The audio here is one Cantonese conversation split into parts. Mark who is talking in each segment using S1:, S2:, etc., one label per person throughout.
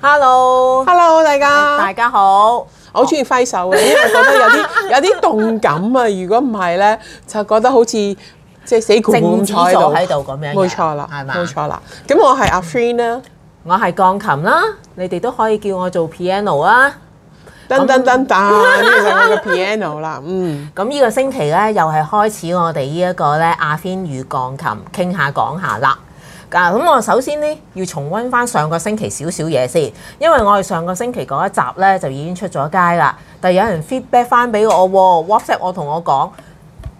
S1: Hello，Hello Hello, 大家，Hi, 大家好。我好中意揮手嘅，oh. 因為我覺得有啲 有啲動感啊。如果唔係咧，就覺得好似即係死固咁坐喺度咁樣。冇錯
S2: 啦，係嘛，冇錯啦。咁我係阿 Fin 咧，我係鋼琴啦，你哋都可以叫我做 Piano 啊。
S1: 噔噔噔
S2: 噔，呢個係我嘅 Piano 啦。嗯，咁呢個星期咧，又係開始我哋呢一個咧，阿 Fin 與鋼琴傾下講下啦。嗱，咁我首先呢，要重溫翻上個星期少少嘢先，因為我哋上個星期嗰一集呢，就已經出咗街啦。但係有人 feedback 翻俾我 WhatsApp，我同我講，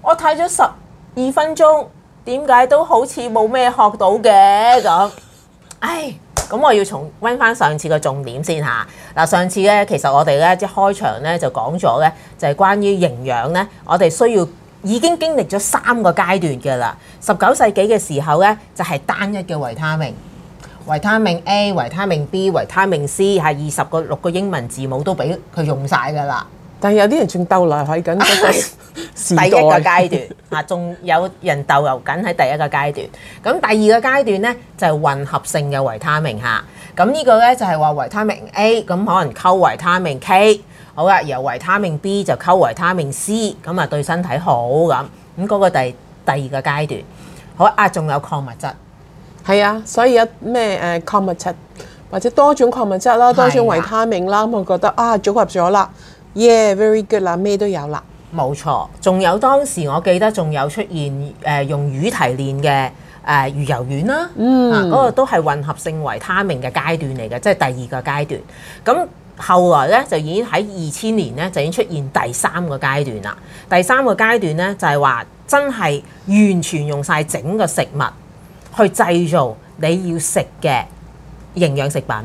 S2: 我睇咗十二分鐘，點解都好似冇咩學到嘅咁？唉，咁我要重溫翻上次嘅重點先嚇嗱。上次呢，其實我哋呢即係開場咧就講咗咧，就係關於營養呢，我哋需要。已經經歷咗三個階段嘅啦。十九世紀嘅時候咧，就係、是、單一嘅維他命，維他命 A、維他命 B、維他命 C，係二十個六個英文字母都俾佢用晒嘅啦。
S1: 但係有啲人仲逗留
S2: 喺緊嗰個第一個階段啊，仲有人逗留緊喺 第一個階段。咁 第，第二個階段咧就係、是、混合性嘅維他命嚇。咁呢個咧就係、是、話維他命 A，咁可能溝維他命 K。好啦，由維他命 B 就溝維他命 C，咁啊對身體好咁。咁、咁、嗰個第第二個階段，好啊，仲有礦物質，
S1: 係啊，所以有咩誒礦物質或者多種礦物質啦，多種維他命啦，啊、我覺得啊，組合咗啦，yeah，very good 啦，咩都有
S2: 啦。冇錯，仲有當時我記得仲有出現誒、呃、用魚提煉嘅誒、呃、魚油丸啦，嗰、嗯啊嗰個都係混合性維他命嘅階段嚟嘅，即係第二個階段咁。後來咧就已經喺二千年咧就已經出現第三個階段啦。第三個階段咧就係話真係完全用晒整個食物去製造你要食嘅營養食品，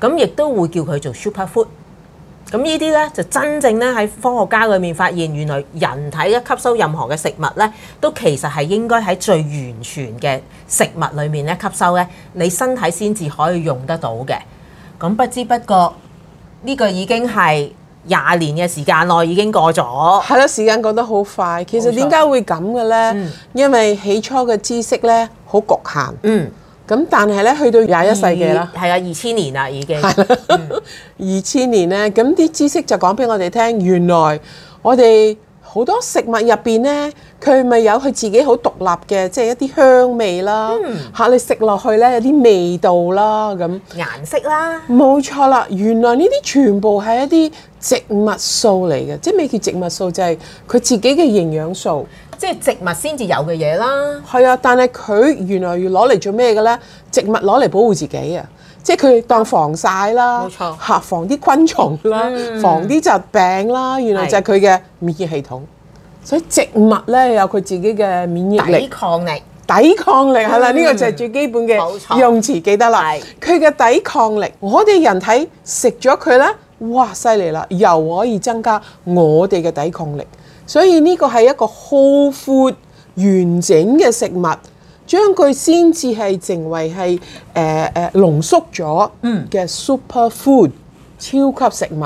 S2: 咁亦都會叫佢做 Superfood。咁呢啲咧就真正咧喺科學家裏面發現，原來人體一吸收任何嘅食物咧，都其實係應該喺最完全嘅食物裏面咧吸收咧，你身體先至可以用得到嘅。咁不知不覺。呢個已經係廿年嘅時間內已經過咗，係
S1: 咯，時間過得好快。其實點解會咁嘅呢？嗯、因為起初嘅知識呢，好局限。嗯，咁但係呢，去到廿一世紀啦，
S2: 係啊，二千年啦已經。了嗯、
S1: 二千年呢，咁啲知識就講俾我哋聽，原來我哋。好多食物入邊呢，佢咪有佢自己好獨立嘅，即係一啲香味啦嚇，你食落去呢，有啲味道啦咁，顏色啦，冇錯啦。原來呢啲全部係一啲植物素嚟嘅，即係未叫植物素，就係佢自己嘅營養素，即係植物先至有嘅嘢啦。係啊，但係佢原來要攞嚟做咩嘅呢？植物攞嚟保護自己啊！即係佢當防曬啦，嚇錯防啲昆蟲啦，嗯、防啲疾病啦，原來就係佢嘅免疫系統。是所以植物咧有佢自己嘅免疫力、抵抗力、抵抗力係啦，呢、嗯這個就係最基本嘅用詞，嗯、記得啦。佢嘅是抵抗力，我哋人體食咗佢咧，哇！犀利啦，又可以增加我哋嘅抵抗力。所以呢個係一個好 h 完整嘅食物。將佢先至係成為係誒誒濃縮咗嘅 super food、嗯、超級食物，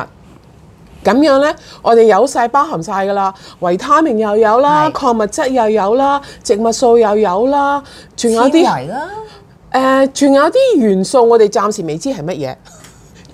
S1: 咁樣呢，我哋有晒包含晒㗎啦，維他命又有啦，的礦物質又有啦，植物素又有啦，仲有啲誒，仲、啊呃、有啲元素，我哋暫時未知係乜嘢，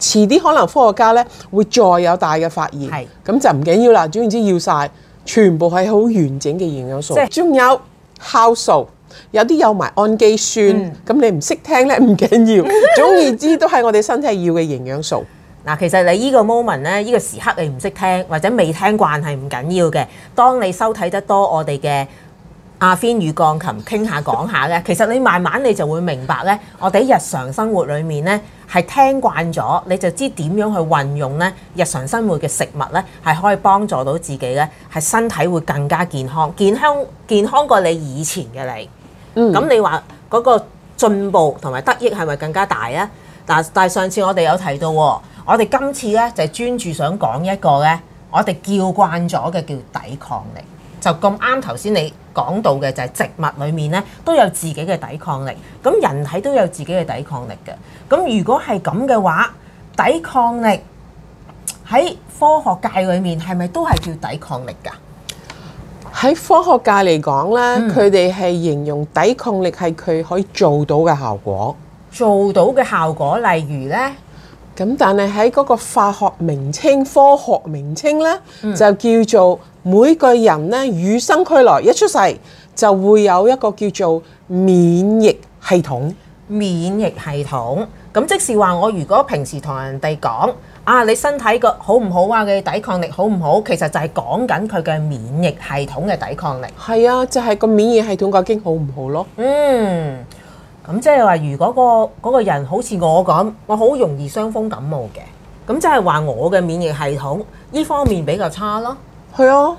S1: 遲啲可能科學家呢會再有大嘅發現，咁的就唔緊要啦。總言之，要晒，全部係好完整嘅營養素，仲的有酵素。有啲有
S2: 埋氨基酸，咁、嗯、你唔識聽呢，唔緊要。總而言之，都係我哋身體要嘅營養素。嗱，其實你依個 moment 呢，呢、呢個時刻你唔識聽或者未聽慣係唔緊要嘅。當你收睇得多我哋嘅阿 fin 與鋼琴傾下講下呢，聊聊聊 其實你慢慢你就會明白呢。我哋日常生活裏面呢，係聽慣咗，你就知點樣去運用呢。日常生活嘅食物呢，係可以幫助到自己呢，係身體會更加健康，健康健康過你以前嘅你。咁、嗯、你話嗰個進步同埋得益係咪更加大咧？嗱，但係上次我哋有提到喎，我哋今次咧就係專注想講一個咧，我哋叫慣咗嘅叫抵抗力，就咁啱頭先你講到嘅就係植物裡面咧都有自己嘅抵抗力，咁人體都有自己嘅抵抗力嘅。咁如果係咁嘅話，抵抗力喺科學界裏面係咪都係叫抵抗力㗎？
S1: 喺科學界嚟講呢，佢哋係形容抵抗力係佢可以做到嘅效果，嗯、做到嘅效果。例如呢，咁但係喺嗰個化學名稱、科學名稱呢，嗯、就叫做每個人呢與生俱來，一出世就會有一個叫做
S2: 免疫系統。免疫系統，咁即是話我如果平時同人哋講。啊！你身體個好唔好啊？嘅抵抗力好唔好？其實就係講緊佢嘅免疫系統嘅抵抗力。係啊，就係、是、個免疫系統究竟好唔好咯？嗯，咁即係話，如果、個嗰個人好似我咁，我好容易傷風感冒嘅，咁即係話我嘅免疫系統呢方面比較差咯。係啊，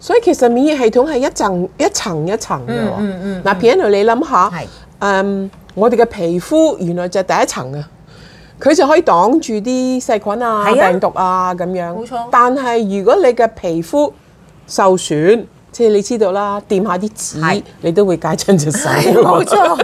S1: 所以其實免疫系統係一層一層一層嘅喎。嗯嗯。嗱，皮膚你諗下，係，我哋嘅皮膚原來就係第一層嘅。佢就可以擋住啲細菌啊、啊病毒啊咁樣。冇錯。但係如果你嘅皮膚受損，即、就、係、是、你知道啦，掂下啲紙，是你都會戒親隻、啊、 隻手。冇錯。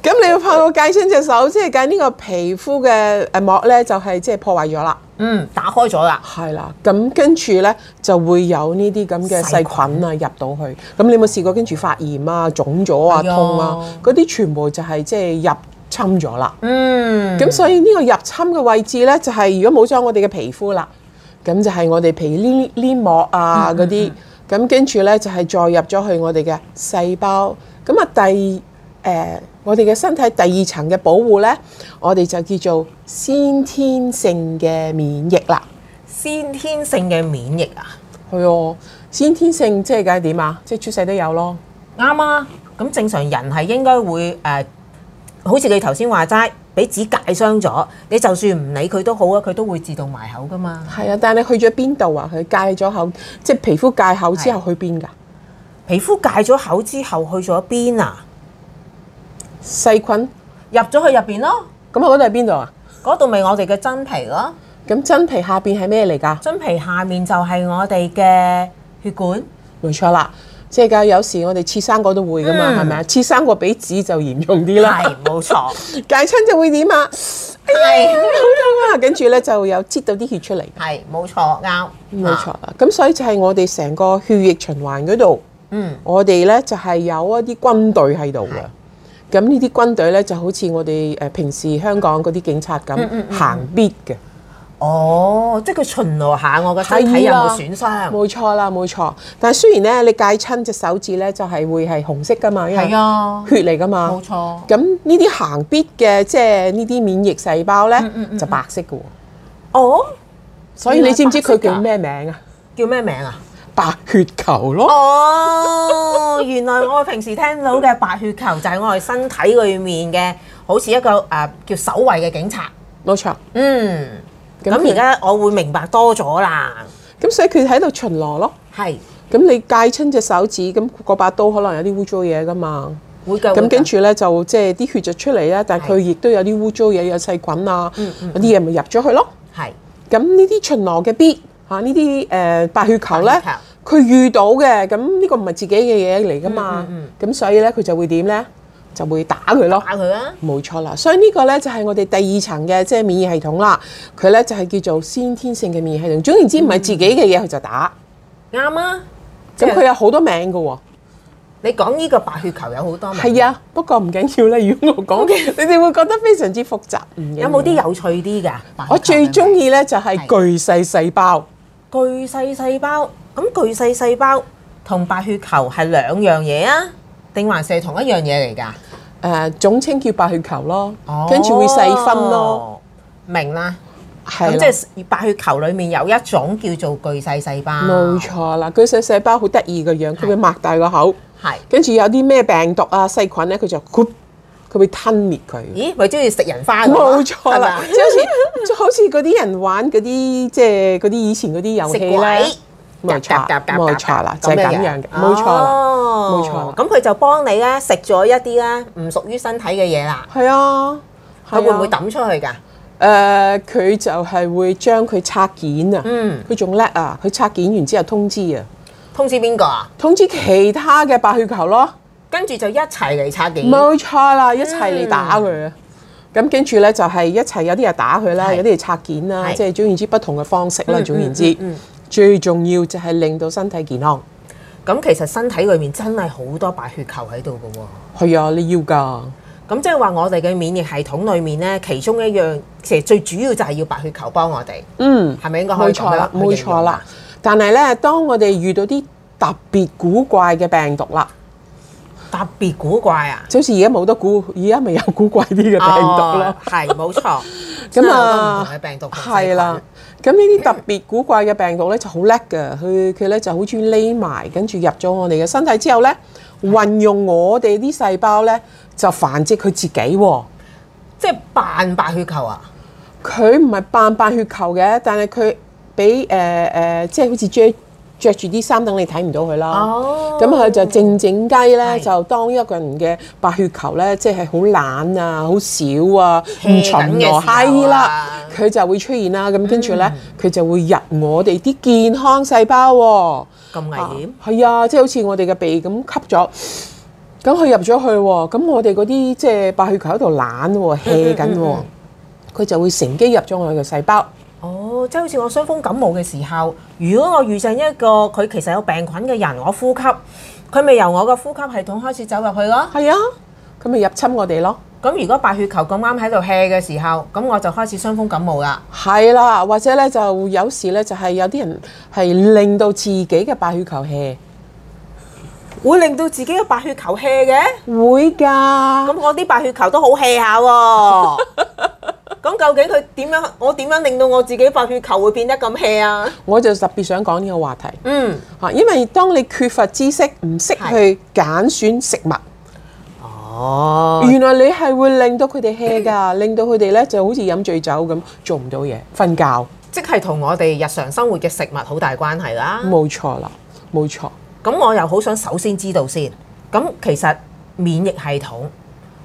S1: 咁你要怕到戒親隻手，即係戒呢個皮膚嘅誒膜咧，就係即係破壞咗啦。嗯，
S2: 打開咗啦。係啦、
S1: 啊，咁跟住咧就會有呢啲咁嘅細菌啊入到去。咁菌你有冇試過跟住發炎啊、腫咗啊、啊痛啊嗰啲，全部就係即係入侵咗啦，嗯，咁所以呢個入侵嘅位置呢，就係如果冇咗我哋嘅皮膚啦，咁就係我哋皮黏膜啊嗰啲，咁跟住呢，就係再入咗去我哋嘅細胞，咁啊第誒、呃、我哋嘅身體第二層嘅保護呢，我哋就叫做先天性嘅免疫啦，
S2: 先天性嘅免疫啊，
S1: 係哦，
S2: 先天性即係點啊？即係出世都有咯，啱啊，咁正常人係應該會誒。呃好似你頭先話齋，俾紙戒傷咗，你就算唔理佢都好啊，佢都會自動埋口噶嘛。係啊，但係你去咗邊度啊？佢戒咗口，即係皮膚戒口之後去邊噶、啊？的皮膚戒咗口之後去咗邊啊？細菌入咗去入邊咯？咁嗰度係邊度啊？嗰度咪我哋嘅真皮咯。咁真皮下邊係咩嚟㗎？真皮下面就係我哋
S1: 嘅血管，冇錯啦。即係有時我哋切生果都會噶嘛，係咪啊？切生果俾紙就嚴重啲啦。係，冇錯。 戒親就會點、哎、是啊？係，好痛啊！跟住咧就會有擠到啲血出嚟。係，冇錯，啱、嗯。冇錯啦。咁所以就係我哋成個血液循環嗰度，嗯，我哋咧就係、是、有一啲軍隊喺度嘅。咁呢啲軍隊咧就好似我哋誒平時香港嗰啲警察咁、嗯嗯嗯、行 beat 嘅。哦，即係佢巡邏下我個身體有冇的損傷？冇錯啦，冇錯。但係雖然咧，你戒親隻手指咧，就係會係紅色噶嘛，是的因為血嚟噶嘛。冇錯。咁呢啲行必嘅，即係呢啲免疫細胞咧，嗯嗯嗯就白色嘅
S2: 喎。哦，所以你知唔知佢叫咩名啊？叫咩名啊？
S1: 白血球
S2: 咯。哦， 原來我平時聽到嘅白血球就係我哋身體裏面嘅，好似一個誒、呃、叫守衞嘅警察。冇錯。嗯。咁而家我會明白多咗啦。
S1: 咁所以佢喺度巡邏咯。咁是你戒親隻手指，咁嗰把刀可能有啲污糟嘢噶嘛。
S2: 咁跟住
S1: 咧就即係啲血就出嚟啦。但佢亦都有啲污糟嘢、是有細菌啊。嗰啲嘢咪入咗去咯。咁呢啲巡邏嘅 B 啊呢啲誒白血球咧，佢遇到嘅，咁呢個唔係自己嘅嘢嚟噶嘛。咁、嗯嗯嗯、所以咧，佢就會點咧？就會打佢咯，打佢、啊，打佢啦，冇錯啦。所以呢個呢，就係我哋第二層嘅即係免疫系統啦。佢呢，就係叫做先天性嘅免疫系統。總言之，唔係自己嘅嘢，佢、嗯、就打。
S2: 啱啊、嗯，咁佢有
S1: 好多名嘅喎。你講呢個白血球有好多名，名，係啊，不過唔緊要啦。如果我講嘅，Okay. 你哋會覺得非常之複雜。要要有冇啲有，有趣
S2: 啲嘅？的我最中意呢，就係巨細細胞。的巨細細胞，咁巨細細胞同白血球係兩樣嘢啊。定還係同一樣嘢嚟㗎？誒、呃、總稱叫白血球咯，哦、跟住會細分咯，
S1: 明啦。係咁，即
S2: 係白血球裡面有一種叫做巨細細胞。冇錯
S1: 啦，巨細細胞好得意嘅樣，佢是會擘大個口，係是跟住有啲咩病毒啊細菌咧，佢就佢佢會吞滅佢。
S2: 咦？咪即係食人花？冇錯、就是、啦，即
S1: 好似好似嗰啲人玩嗰啲即係嗰啲以前嗰啲遊戲
S2: 冇錯，冇錯啦，就係咁樣嘅，冇錯啦，冇錯。咁佢就幫你咧食咗一啲咧唔屬於身體嘅嘢啦。係啊，佢會唔會抌出去㗎？誒，
S1: 佢就係會將佢拆件啊。嗯，佢仲叻啊！佢拆件完之後通知啊，
S2: 通知邊個啊？
S1: 通知其他嘅白血球咯。
S2: 跟住就一齊嚟拆件，冇
S1: 錯啦，一齊嚟打佢。啊。咁跟住咧就係一齊有啲人打佢啦，有啲嚟拆件啦，即係總言之不同嘅方式啦，總言之。最重要就係
S2: 令到身體健康。咁其實身體裏面真係好多白血球喺度嘅喎。係啊，你要㗎。咁即係話我哋嘅免疫系統裏面呢，其中一樣其實最主要就係要白血球幫我哋。嗯，係咪應該開錯啦，冇錯啦。
S1: 但係呢，當我哋遇到啲特別古怪嘅病毒啦。特別古怪啊！就好似而家冇得古，而家咪有古怪啲嘅病毒咯。係、哦、
S2: 冇錯，
S1: 咁 啊，
S2: 病毒係啦。
S1: 咁呢啲特別古怪嘅病毒咧，就好叻㗎。佢佢咧就好鍾意匿埋，跟住入咗我哋嘅身體之後咧，的運用我哋啲細胞咧，就繁殖佢自己喎、啊。即係扮白血球啊！佢唔係扮白血球嘅，但係佢畀誒誒，即係好似追。着住啲衫等你睇唔到佢啦，咁佢、哦、就靜靜雞呢，是就當一個人嘅白血球呢，即係好懶啊，好少啊，唔蠢嘅，係啦，佢就會出現啦。咁跟住呢，佢就會入我哋啲健康細胞、啊，咁危
S2: 險？
S1: 係啊，即係、啊就是、好似我哋嘅鼻咁吸咗，咁佢入咗去、啊，咁我哋嗰啲即係白血球喺度懶 hea、啊、緊，佢、啊、 就會乘
S2: 機入咗我哋嘅細胞。即係好似我傷風感冒嘅時候，如果我遇上一個佢其實有病菌嘅人，我呼吸，佢咪由我個呼吸系統開始走入去咯。係啊，佢咪入侵我哋咯。咁如果白血球咁啱喺度 hea 嘅時候，咁我就開始傷風感冒啦。
S1: 係啦、啊，或者呢，就有時呢，就係有啲人係令到自
S2: 己嘅白血球 hea 會令到自己嘅白血球 hea 嘅，會噶的。咁我啲白血球都好 hea 下喎。咁、哦、 究竟佢點樣？我點樣令到我自己白血球會變得咁 hea 啊？我
S1: 就特別想講呢個話題。嗯，啊，因為當你缺乏知識，唔識去揀是選食物。
S2: 哦，原來
S1: 你係會令到佢哋 hea 噶，嗯、令到佢哋咧就好似飲醉酒咁，
S2: 做唔到嘢，瞓覺，即係同我哋日常生活嘅食物好大關係啦。冇錯啦，冇錯。咁我又好想首先知道先，咁其實免疫系統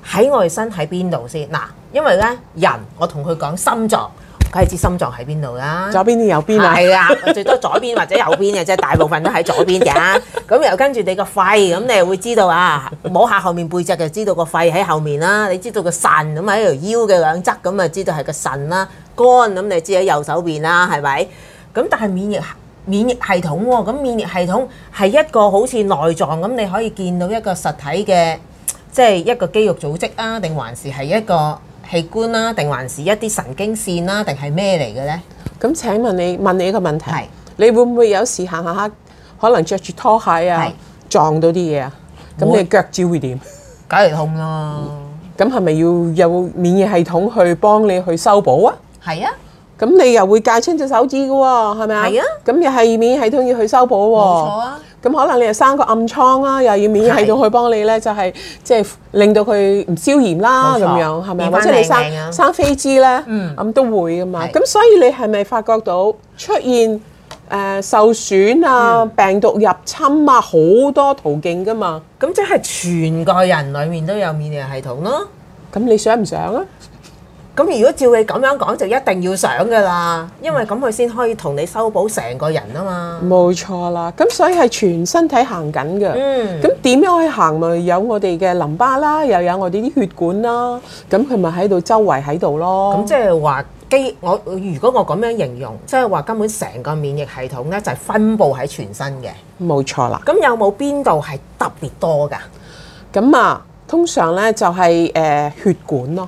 S2: 喺我哋身體邊度先嗱？因為咧人，我同佢講心臟，梗係知心臟喺邊度啦。左邊定右邊啊？係啊，最多左邊或者右邊嘅啫， 大部分都喺左邊嘅。咁又跟住你個肺，咁你又會知道啊，摸下後面背脊就知道個肺喺後面啦。你知道個腎咁喺條腰嘅兩側咁啊，知道係個腎啦。肝咁你知喺右手邊啦，係咪？咁但係免疫。免疫系統喎，咁免疫系統係一個好似內臟咁，你可以見到一個實體嘅，即係一個肌肉組織啊，定還是係一個器官啦，定還是一啲神經線啦，定係咩嚟嘅呢？咁請問你問你一個問題，係你會唔會有時行下下
S1: 可能著住拖鞋啊撞到啲嘢啊，咁你腳趾會點？梗係痛囉！咁係咪要有免疫系統去幫你去修補啊？係啊！咁你又會戒親隻手指㗎喎，係咪啊？係啊！咁又係免疫系統要去修補喎。冇錯啊！咁可能你又生個暗瘡啦，又要免疫系統去幫你咧，就係即係令到佢唔消炎啦，咁樣係咪？或者你生生飛滋咧，咁都會㗎嘛。咁所以你係咪發覺到出現誒受損啊、病毒入侵啊，好多途徑㗎嘛？咁即係全個人裏
S2: 面都有免疫系統咯。
S1: 咁你想唔想啊？
S2: 咁如果照你咁樣講，就一定要想㗎啦，因為咁佢先可以同你修補成個人啊嘛。
S1: 冇錯啦，咁所以係全身體行緊嘅。嗯，咁點樣去行咪有我哋嘅淋巴
S2: 啦，又有我哋啲血管啦，咁佢咪喺度周圍喺度咯。咁即係話機，我如果我咁樣形容，即係話根本成個免疫系統咧，就係分布喺全身嘅。
S1: 冇錯啦。
S2: 咁有冇邊度係特別多㗎？咁啊，
S1: 通常咧就係誒血管咯。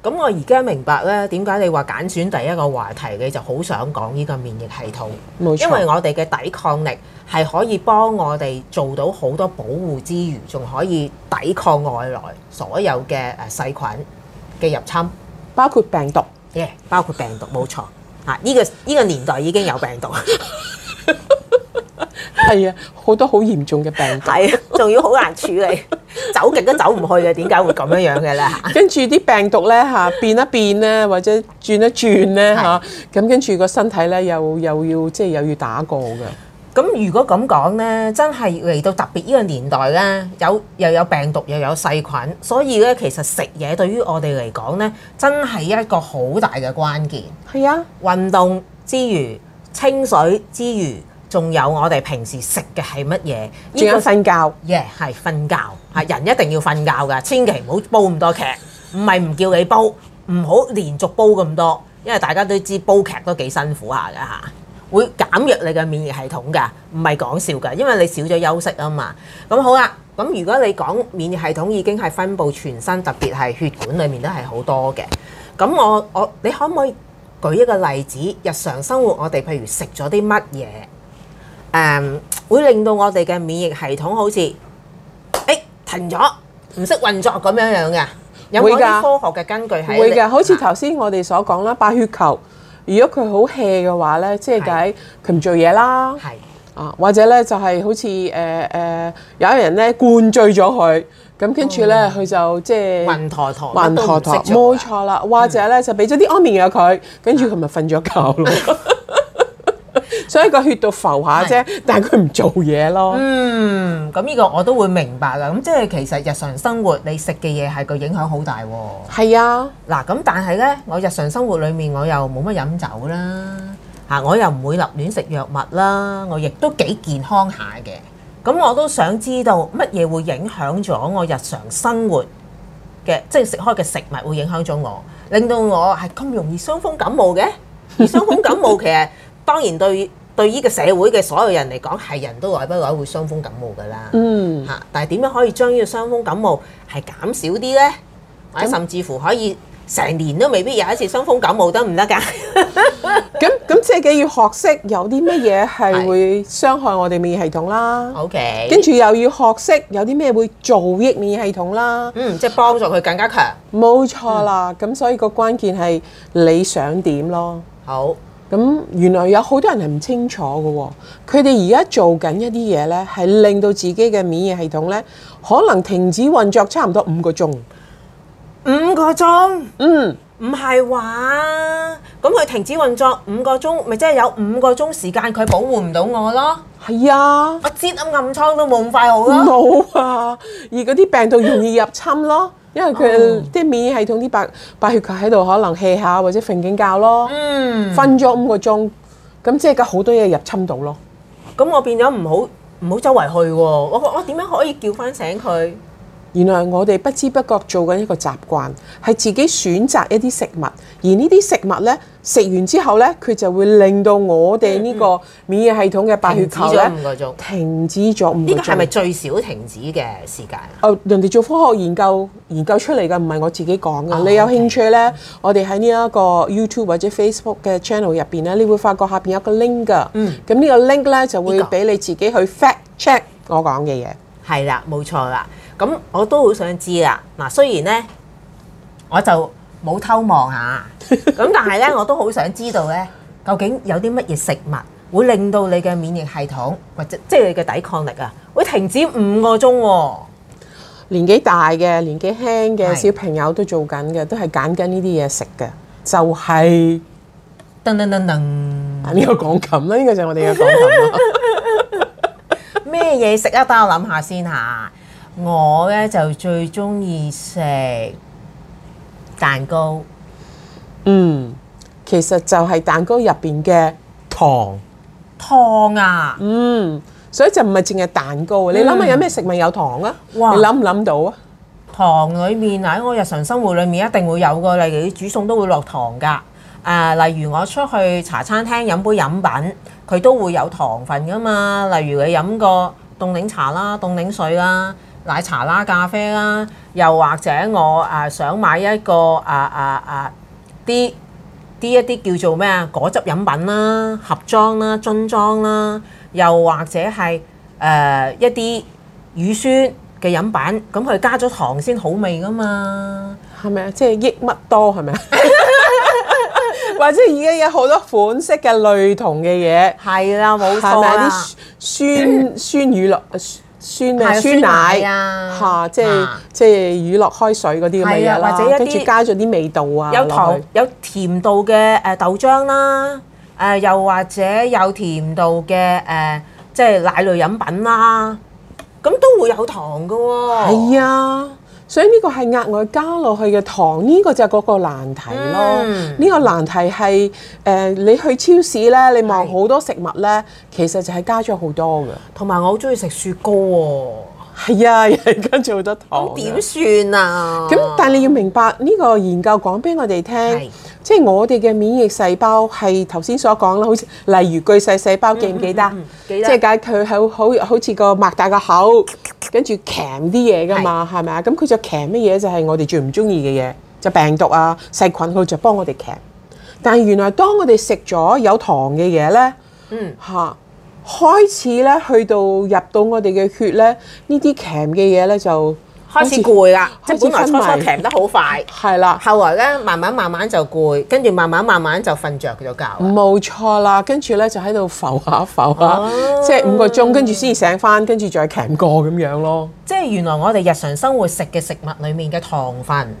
S2: 咁我而家明白咧，點解你話揀選第一個話題，你就好想講呢個免疫系統，冇錯，因為我哋嘅抵抗力係可以幫我哋做到好多保護之餘，仲可以抵抗外來所有嘅細菌嘅入侵，包括病毒，yeah, 包括病毒，冇錯，啊呢個呢個年代已經有病毒，係啊 ，
S1: 好多好嚴重嘅病
S2: 毒，仲要好難處理。 走極都走唔去嘅，點解會咁樣樣嘅咧？
S1: 跟住啲病毒咧嚇變一變咧，或者轉一轉咧嚇，
S2: 咁跟住個身體咧又又要即係又要打過嘅。咁如果咁講咧，真係嚟到特別呢個年代咧，有又有病毒又有細菌，所以咧其實食嘢對於我哋嚟講咧，真係一個好大嘅關鍵。係啊的，運動之餘，清水之餘。仲有我哋平時食嘅係乜嘢？要瞓覺，耶係瞓覺，係人一定要瞓覺㗎，千祈唔好煲咁多劇，唔係唔叫你煲，唔好連續煲咁多，因為大家都知煲劇都幾辛苦下㗎嚇，會減弱你嘅免疫系統㗎，唔係講笑㗎，因為你少咗休息啊嘛。咁好啦，咁如果你講免疫系統已經係分布全身，特別係血管裡面都係好多嘅，咁我我你可唔可以舉一個例子？日常生活我哋譬如食咗啲乜嘢？誒會令到我哋嘅免疫系統好似，誒停咗，唔識運作咁樣樣嘅，
S1: 有冇科
S2: 學嘅根據？會嘅，好
S1: 似頭先我哋所講啦，白血球，如果佢好 hea 嘅話咧，即係喺佢唔做嘢啦，啊的或者咧就係好似誒誒有一人咧灌醉咗佢，咁跟住咧佢就即係
S2: 暈陀陀，暈陀陀，冇
S1: 錯啦，或者咧就俾咗啲安眠藥佢，跟住佢咪瞓咗覺咯。嗯 所以個血到浮下啫，是但係佢唔做嘢咯。
S2: 嗯，咁呢個我都會明白啦。咁即係其實日常生活你食嘅嘢係個影響好大喎。係啊，嗱咁、啊啊、但係呢，我日常生活裡面我又冇乜飲酒啦，嚇我又唔會立亂食藥物啦，我亦都幾健康下嘅。咁我都想知道乜嘢會影響咗我日常生活嘅，即係食開嘅食物會影響咗我，令到我係咁容易傷風感冒嘅。而傷風感冒其實～ 當然對對依個社會嘅所有人嚟講，係人都或多或少會傷風感冒噶啦。嗯，嚇，但係點樣可以將呢個傷風感冒係減少啲呢？或者、嗯、甚至乎可以成年都未必有一次傷風感冒得唔得㗎。咁
S1: 咁 即係要學識有啲乜嘢係會傷害我哋免疫系統啦。
S2: O K，跟住
S1: 又要學識有啲咩會造益免疫系統啦。
S2: 嗯，即係幫助佢更加強。
S1: 冇、嗯、錯啦。咁所以個關鍵係你想點咯？好。咁原來有好多人係唔清楚嘅喎，佢哋而家做緊一啲嘢呢，係令到自己嘅免疫系統呢，可能停止運作差唔多五個鐘，
S2: 五個鐘，嗯，唔係話咁佢停止運作五個鐘，咪即係有五個鐘時，時間佢保護唔到我咯？係啊，我擠一暗瘡都冇咁快好咯，冇啊，而嗰啲病毒容易入侵咯。因為
S1: 佢啲免疫系統啲白白血球喺度，可能歇下或者瞓緊覺咯，瞓咗五個鐘，咁即係而家好多嘢入侵到咯。嗯。
S2: 咁我變咗唔好唔好周圍去喎。我我點樣可以叫翻醒佢？
S1: 原來我哋不知不覺做緊一個習慣，係自己選擇一啲食物，而呢啲食物呢，食完之後呢，佢就會令到我哋呢個免疫系統嘅白血球呢停止咗五個鐘。呢個係咪最少
S2: 停止嘅時間？
S1: 哦，人哋做科學研究研究出嚟嘅，唔係我自己講嘅。哦、你有興趣呢？Okay, 我哋喺呢一個 YouTube 或者 Facebook 嘅 channel 入邊呢，你會發覺下面有一個 link 噶。嗯。咁呢個 link 呢，就會俾你自己去 fact
S2: check 我講嘅嘢。係啦，冇錯啦。咁我都好想知啦。嗱，雖然呢，我就冇偷望下、啊，咁但係呢， 我都好想知道呢，究竟有啲乜嘢食物會令到你嘅免疫系統或者即係你嘅、就是、抵抗力啊，會停止五個鐘？年紀大嘅、年紀輕嘅
S1: 是小朋友都做緊嘅，都係揀緊呢啲嘢食嘅，就係、是、噔噔噔噔呢、啊呢個鋼琴啦，呢個就係我哋
S2: 嘅鋼琴 咩嘢食啊？等我諗下先嚇。我咧就最中意食蛋糕。嗯，其實就係
S1: 蛋糕入邊嘅糖。糖啊？嗯，所以就唔係淨
S2: 係蛋糕。嗯、你諗下有咩食物有糖啊？哇！你諗唔諗到啊？糖裡面喺我日常生活裡面一定會有個例，例如煮餸都會落糖㗎。誒、啊，例如我出去茶餐廳飲杯飲品，佢都會有糖分㗎嘛。例如你飲個凍檸茶啦、凍檸水啦、奶茶啦、咖啡啦，又或者我誒想買一個誒誒誒啲啲一啲叫做咩啊果汁飲品啦、盒裝啦、樽裝啦，又或者係誒、呃、一啲乳酸嘅飲品，咁佢加咗糖先好味㗎嘛？係咪啊？即係益力多係咪 或者已經有好多
S1: 款式嘅類同嘅嘢，係啦冇錯啊！係咪啲酸酸乳酪、 酸，酸啊、係啊酸奶啊？嚇即，啊、即係即係乳酪開水嗰啲咁嘅嘢啦，跟住、啊、加咗啲味道啊，有糖
S2: 去有甜度嘅誒豆漿啦，誒、呃、又或者有甜度嘅誒、呃、即係奶類飲品啦，咁都會有糖嘅喎、哦，係啊。所以呢個係額外
S1: 加落去嘅糖，呢、這個就係嗰個難題咯。呢、嗯、個難題係誒、呃，你去超市呢，你望好多食物呢，是其實就係加咗好多嘅。同埋我好中意食雪糕喎、哦，係啊，又
S2: 係好多糖，點算啊？
S1: 咁但係你要明白呢、這個研究講俾我哋聽。即係我哋嘅免疫細胞係頭先所講啦，好似例如巨細細胞、嗯、記唔記得、嗯？記得。即係解佢好好好似個擘大個口，跟住剷啲嘢噶嘛，係咪啊？咁佢就剷乜嘢？就係我哋最唔中意嘅嘢，就病毒啊細菌佢就幫我哋剷。但係原來當我哋食咗有糖嘅嘢咧，嗯嚇開始咧，去到入到我哋嘅血咧，呢啲剷嘅嘢咧就。開
S2: 始攰啦，即係本來初初鉗得好快，係啦的。後來咧，慢慢慢慢就攰，跟住慢慢慢慢就瞓著咗覺。
S1: 冇錯啦，跟住咧就喺度浮一下浮一下，哦、即係五個鐘，跟住先醒返，
S2: 跟住再鉗過咁樣咯。即係原來我哋日常生活食嘅食物裡面嘅糖分，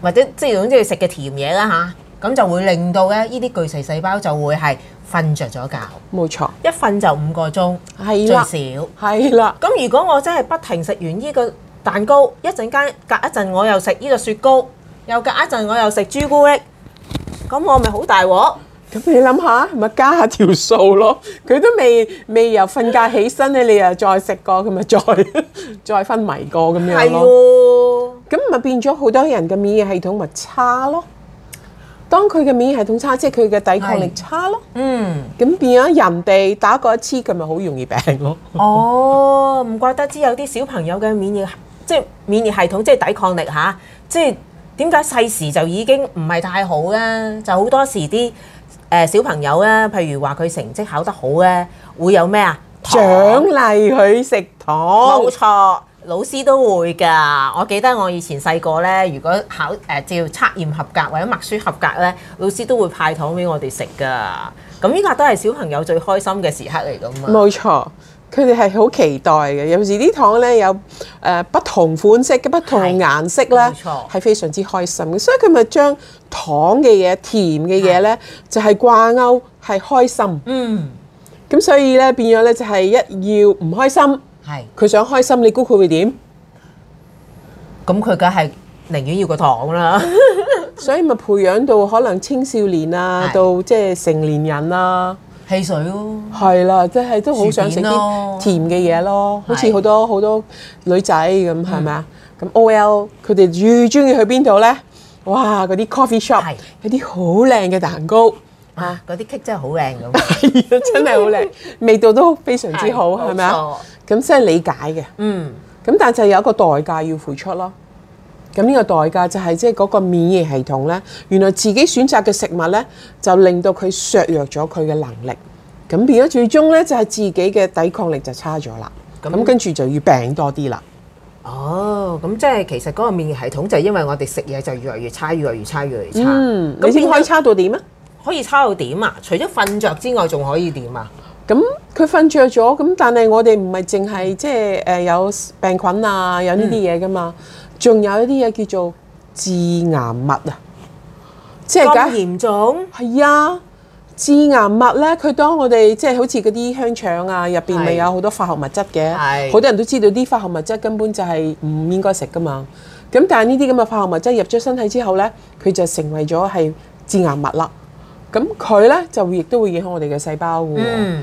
S2: 或者即係總之食嘅甜嘢啦吓，咁就會令到咧呢啲巨噬細胞就會係瞓着咗覺。冇錯，一瞓就五個鐘，的最少係啦。咁的如果我真係不停食完呢、這個。蛋糕一陣間，隔一陣我又食呢個雪糕，又隔一陣我又食朱古力，咁我咪好大鑊。
S1: 咁你諗下，咪加下條數咯。佢都未未由瞓覺起身咧，你又再食過，佢咪再再昏迷過咁樣咯。係喎，咁咪變咗好多人嘅免疫系統咪差咯。當佢嘅免疫系統差，即係佢嘅抵抗力差咯。嗯，咁變咗人哋打過一次，佢咪好容易病
S2: 咯。哦，唔怪得之有啲小朋友嘅免疫。即係免疫系統，即係抵抗力嚇、啊。即係點解細時就已經唔係太好咧？就好多時啲誒、呃、小朋友咧，譬如話佢成績考得好咧，會有咩啊？獎勵佢食糖。冇錯，老師都會㗎。我記得我以前細個咧，如果考誒即係測驗合格或者默書合格咧，老師都會派糖俾我哋食㗎。咁呢個都係小朋友最開心嘅時刻嚟㗎嘛。冇
S1: 錯。佢哋係好期待嘅，有時啲糖咧有誒不同款式嘅不同顏色啦，係非常之開心嘅，所以佢咪將糖嘅嘢、甜嘅嘢咧，就係掛鈎係開心。嗯，咁所以咧變咗咧就係一要唔開心，係佢想開心，你估佢會點？
S2: 咁佢梗係寧願要個糖啦，
S1: 所以咪培養到可能青少年啊，到即係成年人啦。汽水咯、啊，係啦，即係都很想吃的、啊、好想食啲甜嘅嘢咯，好似好多好多女仔咁，係咪啊？咁 O L 佢哋最中意去邊度咧？哇！嗰啲 coffee shop，有啲好靚嘅蛋糕啊，嗰啲
S2: cake 真係好靚嘅，
S1: 係真係好靚， 味道都非常之好，係咪啊？咁真係吧錯理解嘅，嗯，咁但就有一個代價要付出咯。咁呢個代價就係即係嗰個免疫系統咧，原來自己選擇嘅食物咧，就令到佢削弱咗佢嘅能力。咁變咗最終咧，就係、是、自己嘅抵抗力就差咗啦。咁、嗯、跟住就要病多啲啦。
S2: 哦，咁即係其實嗰個免疫系統就係因為我哋食嘢就越嚟越差，越嚟越差，越嚟越差。
S1: 嗯，咁先可以
S2: 差到點啊？可以差到點啊？除咗瞓着之外，仲可以點啊？
S1: 咁佢瞓着咗，咁但係我哋唔係淨係即係誒有病菌啊，有呢啲嘢噶嘛？嗯仲有一啲嘢叫做致癌物啊，即係咁嚴重？係啊，致癌物呢，佢當我哋即係好似嗰啲香腸啊，入邊咪有好多化學物質嘅。好的多人都知道啲化學物質根本就係唔應該食噶嘛。咁但係呢啲咁嘅化學物質入咗身體之後呢，佢就成為咗係致癌物啦。咁佢呢，就會亦都會影響我哋嘅細胞嘅喎。嗯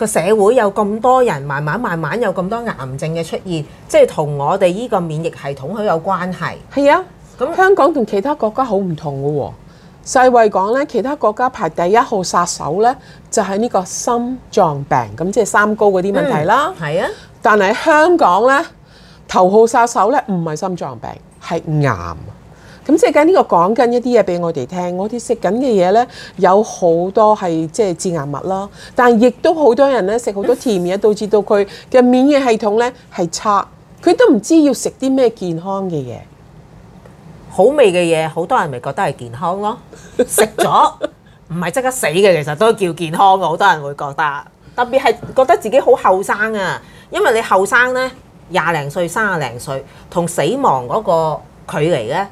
S2: 個社會有咁多人，慢慢慢慢有咁多癌症嘅出現，即係同我哋呢個免疫系統好有關係。係啊，
S1: 咁香港同其他國家好唔同嘅喎。世衛講呢，其他國家排第一號殺手呢，就係呢個心臟病，咁即係三高嗰啲問題啦。係啊，但係香港呢，頭號殺手呢，唔係心臟病，係癌。咁即係緊呢個講緊一啲嘢俾我哋聽，我哋食緊嘅嘢呢有好多係即係致癌物咯，但係亦都好多人呢食好多甜嘢，導致到佢嘅免疫系統呢係差，
S2: 佢都唔知要食啲咩健康嘅嘢，好味嘅嘢好多人咪覺得係健康咯，食咗唔係即刻死嘅，其實都叫健康嘅，好多人會覺得特別係覺得自己好後生啊，因為你後生呢廿零歲、三十零歲，同死亡嗰個距離呢。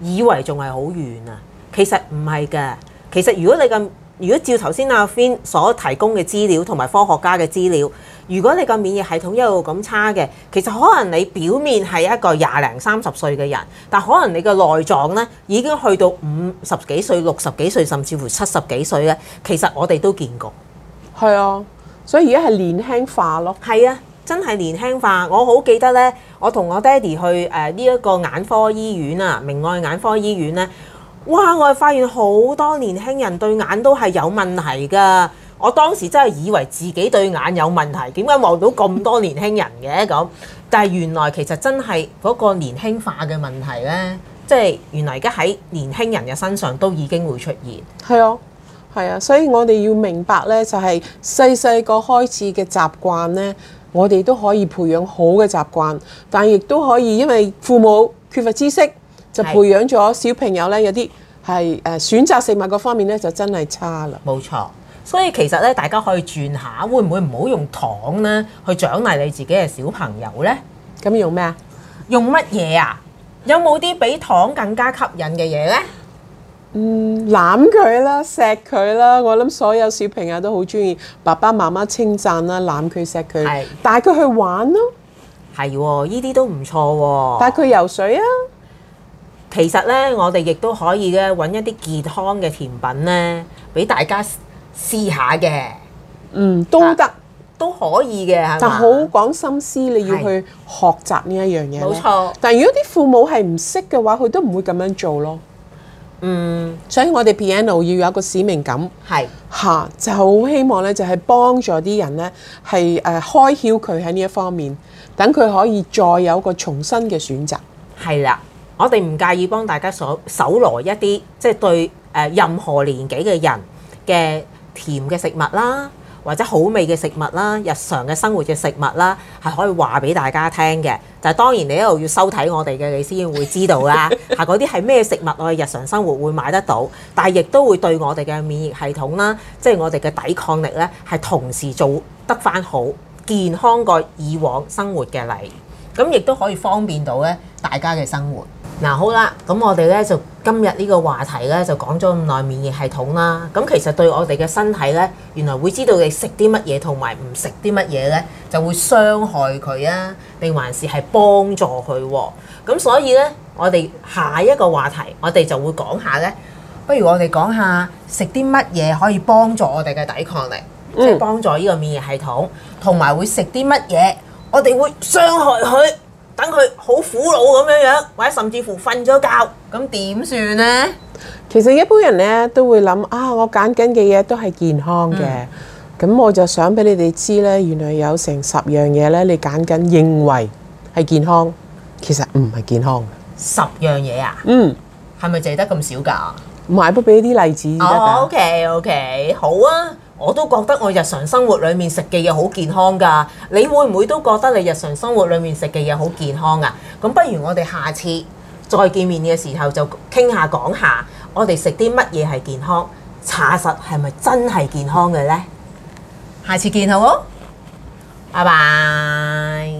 S2: 以為仲係好遠啊，其實唔係㗎。其實如果你咁，如果照頭先阿 Vin 所提供嘅資料同埋科學家嘅資料，如果你個免疫系統一路咁差嘅，其實可能你表面係一個廿零三十歲嘅人，但可能你個內臟呢已經去到五十幾歲、六十幾歲，甚至乎七十幾歲咧。其實我哋都見過。係啊，所以而家係年輕化咯。係啊。真係年輕化。我好記得呢。我同我爹哋去誒呢一個眼科醫院啊，明愛眼科醫院呢。哇！我發現好多年輕人對眼都係有問題㗎。我當時真係以為自己對眼有問題，點解望到咁多年輕人嘅咁？但係原來其實真係嗰個年輕化嘅問題呢。即係原來而家喺年輕人嘅身上都已經會出現。
S1: 係啊，係啊，所以我哋要明白呢，就係細細個開始嘅習慣呢。我哋都可以培養好嘅習慣，但亦都可以因為父母缺乏知識，就培養咗小朋友呢，
S2: 有啲係誒選擇食物嗰方面呢，就真係差啦。冇錯，所以其實呢，大家可以轉下，會唔會唔好用糖呢去獎勵你自己嘅小朋友呢？咁用咩啊？用乜嘢啊？有冇啲比糖更加吸引嘅嘢呢？
S1: 嗯，攬佢啦，錫佢啦，我諗所有小朋友都好中意爸爸媽媽稱讚啦，攬佢錫佢，帶佢的去玩咯，
S2: 係依啲都唔錯。帶佢游水啊！其實呢，我哋亦都可以咧，搵一啲健康嘅甜品呢，俾大家試下嘅。
S1: 嗯，都得
S2: 都可以嘅，就好
S1: 講心思，你要去學習呢一樣嘢。冇錯錯。但如果啲父母係唔識嘅話，佢都唔會咁樣做咯。嗯，所以我哋 piano 要有一個使命感，係啊、就希望咧就係、係、幫助啲人咧係開竅佢喺呢一方面，等佢可以再有一個重新嘅選擇。係
S2: 啦，我哋唔介意幫大家所搜，搜羅一啲即、即係、對任何年紀嘅人嘅甜嘅食物啦。或者好味嘅食物啦，日常嘅生活嘅食物啦，係可以話俾大家聽嘅。但係當然你一路要收睇我哋嘅，你先會知道啦。係嗰啲係咩食物我哋日常生活會買得到，但係亦都會對我哋嘅免疫系統啦，即係我哋嘅抵抗力咧，係同時做得翻好健康過以往生活嘅嚟。咁亦都可以方便到咧大家嘅生活。嗱好啦，咁我哋咧就今日呢個話題咧就講咗咁耐免疫系統啦，咁其實對我哋嘅身體咧，原來會知道你食啲乜嘢同埋唔食啲乜嘢咧，就會傷害佢啊，定還是係幫助佢喎？咁所以咧，我哋下一個話題，我哋就會講下咧，不如我哋講下食啲乜嘢可以幫助我哋嘅抵抗力，即係、嗯、幫助呢個免疫系統，同埋會食啲乜嘢，我哋會傷害佢。等佢好苦惱咁樣樣，或者甚至乎瞓咗覺，咁點算呢？
S1: 其實一般人咧都會諗啊，我揀緊嘅嘢都係健康嘅，咁我就想俾你哋知呢，原來有成十樣嘢呢，你揀緊認為係健康，其實唔係健康
S2: 嘅。十樣嘢啊？
S1: 嗯，
S2: 係咪淨係得咁少㗎？
S1: 唔係，不如俾啲例子。OK
S2: OK，好啊。我都覺得我日常生活裏面食嘅嘢好健康㗎，你會唔會都覺得你日常生活裏面食嘅嘢好健康啊？咁不如我哋下次再見面嘅時候就傾下講下，我哋食啲乜嘢係健康，查實係咪真係健康嘅呢？下次見好唔好？拜拜。